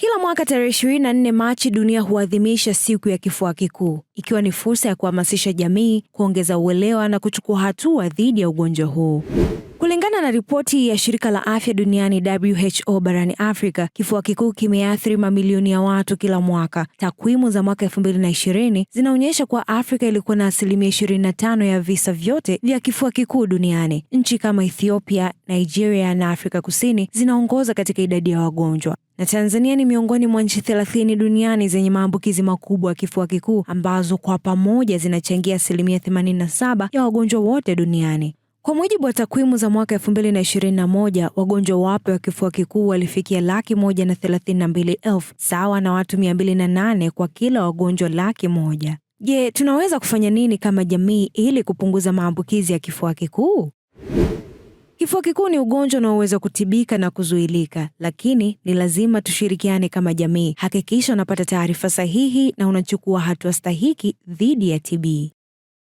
Kila mwaka tarehe 24 Machi dunia huadhimisha siku ya kifua kikuu, ikiwa ni fursa ya kuhamasisha jamii kuongeza uelewa na kuchukua hatua dhidi ya ugonjwa huu. Kulingana na ripoti ya shirika la afya duniani WHO barani Afrika, kifua kikuu kimeathiri mamilioni ya watu kila mwaka. Takwimu za mwaka 2020 zinaonyesha kuwa Afrika ilikuwa na asilimia 25 ya visa vyote vya kifua kikuu duniani. Nchi kama Ethiopia, Nigeria na Afrika Kusini zinaongoza katika idadi ya wagonjwa na Tanzania ni miongoni mwa nchi thelathini duniani zenye maambukizi makubwa ya kifua kikuu ambazo kwa pamoja zinachangia asilimia 87 ya wagonjwa wote duniani. Kwa mujibu wa takwimu za mwaka 2021, wagonjwa wapya wa kifua kikuu walifikia laki moja na thelathini na mbili elfu sawa na watu nane kwa kila wagonjwa laki moja. Je, tunaweza kufanya nini kama jamii ili kupunguza maambukizi ya kifua kikuu? Kifua kikuu ni ugonjwa unaoweza kutibika na kuzuilika, lakini ni lazima tushirikiane kama jamii. Hakikisha unapata taarifa sahihi na unachukua hatua stahiki dhidi ya TB.